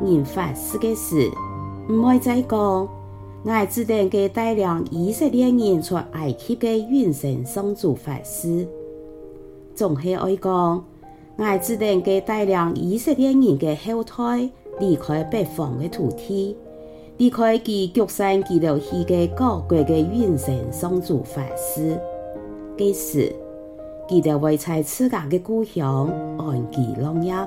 念法師嘅事唔愛再講，我哋只能夠帶領以色列人出埃及嘅永生上主法師。仲係愛講，我哋只能夠帶領以色列人嘅後代離開北方嘅土地，離開佮腳山記錄起嘅高貴嘅永生上主法師。即使佢哋為在自家嘅故鄉安居樂業。